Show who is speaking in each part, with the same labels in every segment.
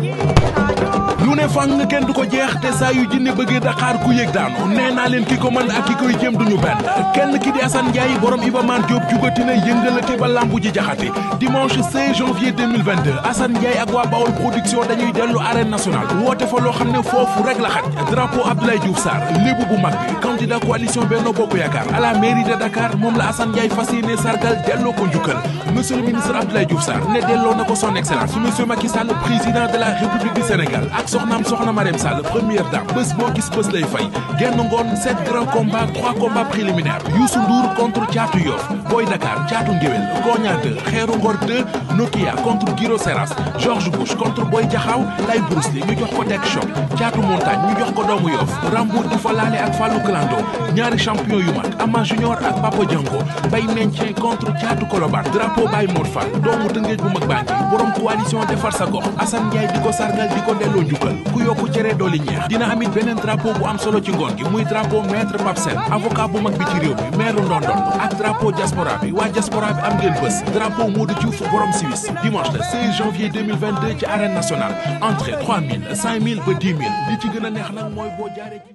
Speaker 1: 一打就。ne fang kenn du ko jeex te saa yu jinne bëggee daqaar ku yéeg daanu nee leen ki ko mën ak ki koy jéem duñu benn kenn ki di Assane Ndiaye borom Iba Man Diop jugati na yëngalate ba lambu ji dimanche 16 janvier 2022 Assane ak waa Bawol production dañuy dellu arène nationale woote fa loo xam ne foofu rek la xaj drapeau Abdoulaye Diouf Sarr lébu bu mag bi candidat coalition Bokk Yaakaar à la mairie moom la Assane Ndiaye fas yéene sargal delloo maam soxna ma Sall première dame bés boo gis bés lay fay genn ngoon sept grands combats trois combats préliminaires Youssou Ndour contre Thiatou Boy Dakar Thiatou Ngéwél Koña 2 Xeeru Ngor 2 Nokia contre Giro Seras George Bush contre Boy Jaxaw Lay Bruce ñu jox ko Tek Choc Thiatou Montagne ñu jox ko doomu Yoff Rambour di laale ak Fallou Clando ñaari champion yu mag Ama Junior ak Papa Django Bay Mentien contre Thiatou Kolobar drapeau Bay Mor doomu Tëngéej bu Sall ku yokku cere dooli ñeex dina amit beneen drapeau bu am solo ci ngoon gi muy drapeau maître Pape Sène bu mag bi ci réew mi maire Ndondon ak drapeau diaspora bi waa diaspora bi am ngeen bés drapeau Modou Diouf borom Suisse dimanche le janvier ci arène nationale entrée 3000 ba 10 000 li ci gën a neex nag mooy boo jaaree ci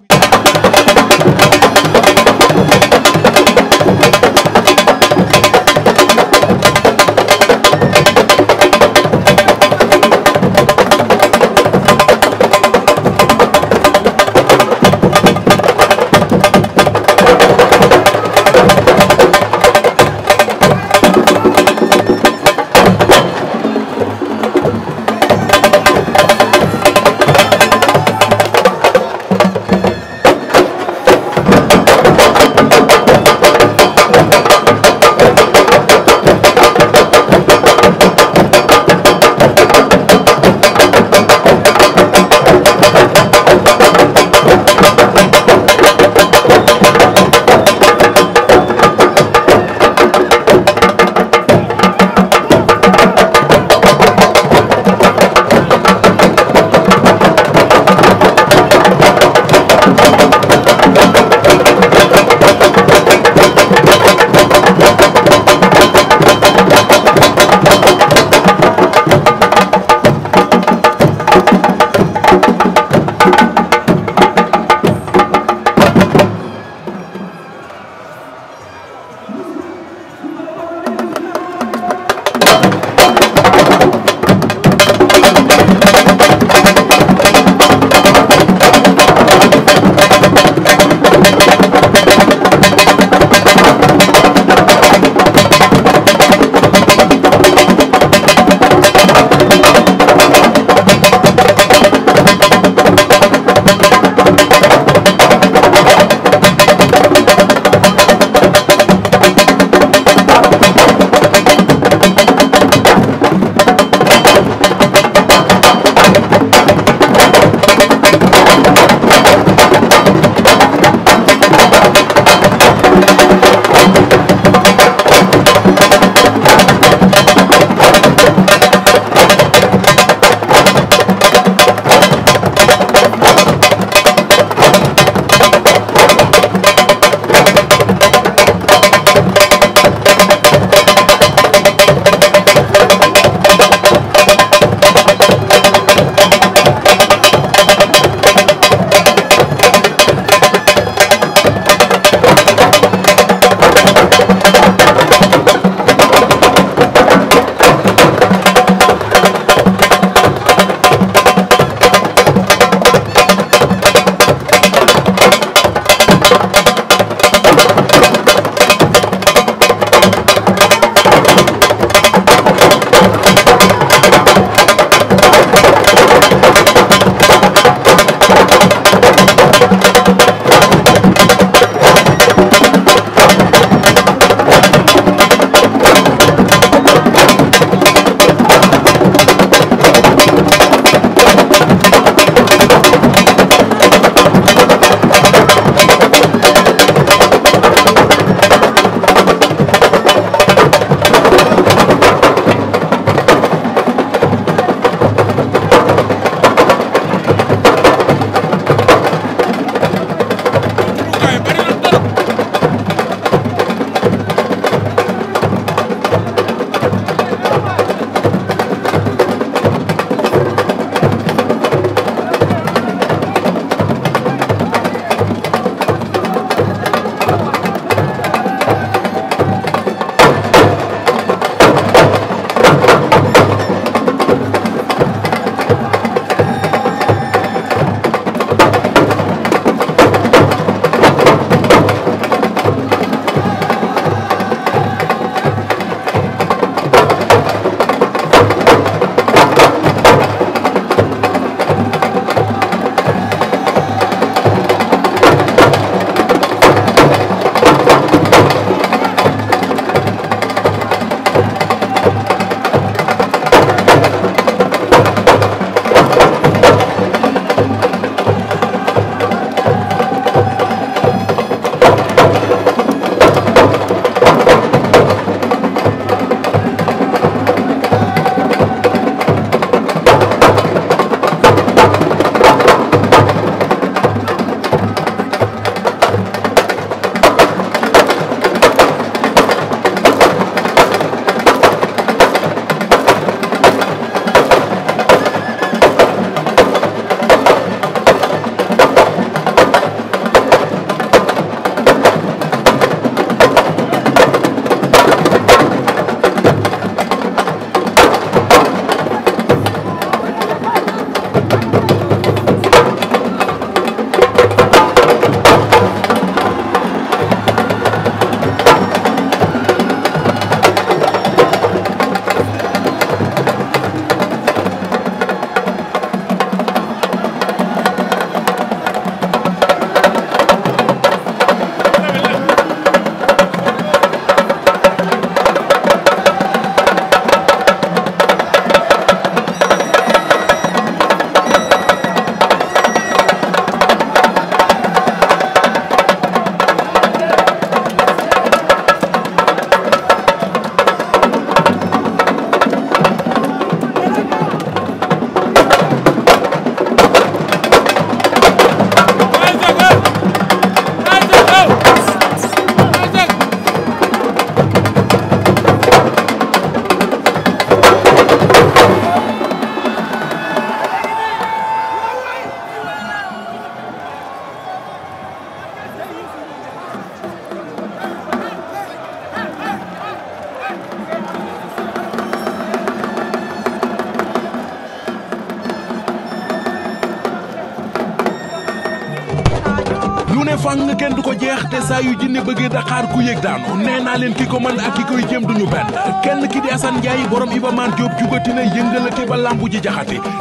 Speaker 1: fang kenn du ko jeex te saa yu jinne bëggee daqaar ku yëg daanu nee leen ki ko mën ak ki koy jéem duñu benn kenn ki di Assane Ndiaye borom Iba Man Diop jugati na yëngalate ba lambu ji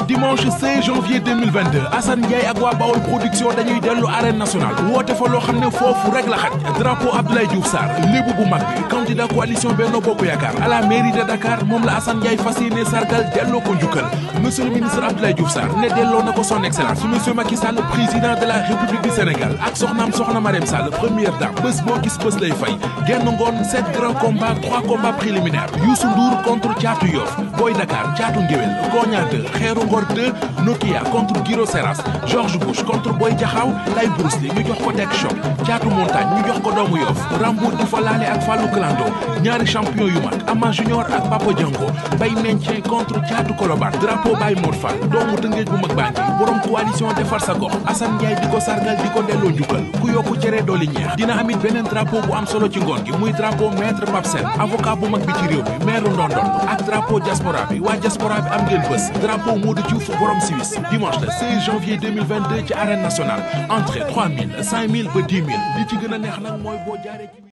Speaker 1: dimanche 16 janvier 2022 Assane ak waa Bawol production dañuy dellu arène nationale woote fa loo xam ne foofu rek la xaj drapeau Abdoulaye Diouf Sarr lébu bu mag bi candidat coalition Bokk Yaakaar à la mairie moom la Assane Ndiaye fas yéene sargal de soxna ma Sall première dame bés boo gis bés lay fay genn ngoon sept grands combats trois combats préliminaires Youssou Ndour contre Thiatou Yoff Boy Dakar Thiatou Ngéwél Koña 2 Xeeru Ngor 2 Nokia contre Giro Seras George Bush contre Boy Jaxaw Lay Bruce ñu jox ko Tech Shop Thiatou Montagne ñu jox ko doomu Yoff Rambour du fa laale ak Fallou Clando ñaari champion yu mag Ama Junior ak Papa Django Bay Mentien contre Thiatou Colobane drapeau Bay Mor doomu Tëngéej bu mag yokku yokku cere dooli ñeex dina amit beneen drapeau bu am solo ci ngoon gi muy drapeau maître Mapsen avocat bu mag bi ci réew mi maire Ndondon ak drapeau diaspora waa diaspora bi am ngeen bés drapeau Modou Diouf borom Suisse dimanche le 16 janvier 2022 ci arène nationale entrée 3000 5000 ba 10 000 li ci gën a neex nag mooy boo jaaree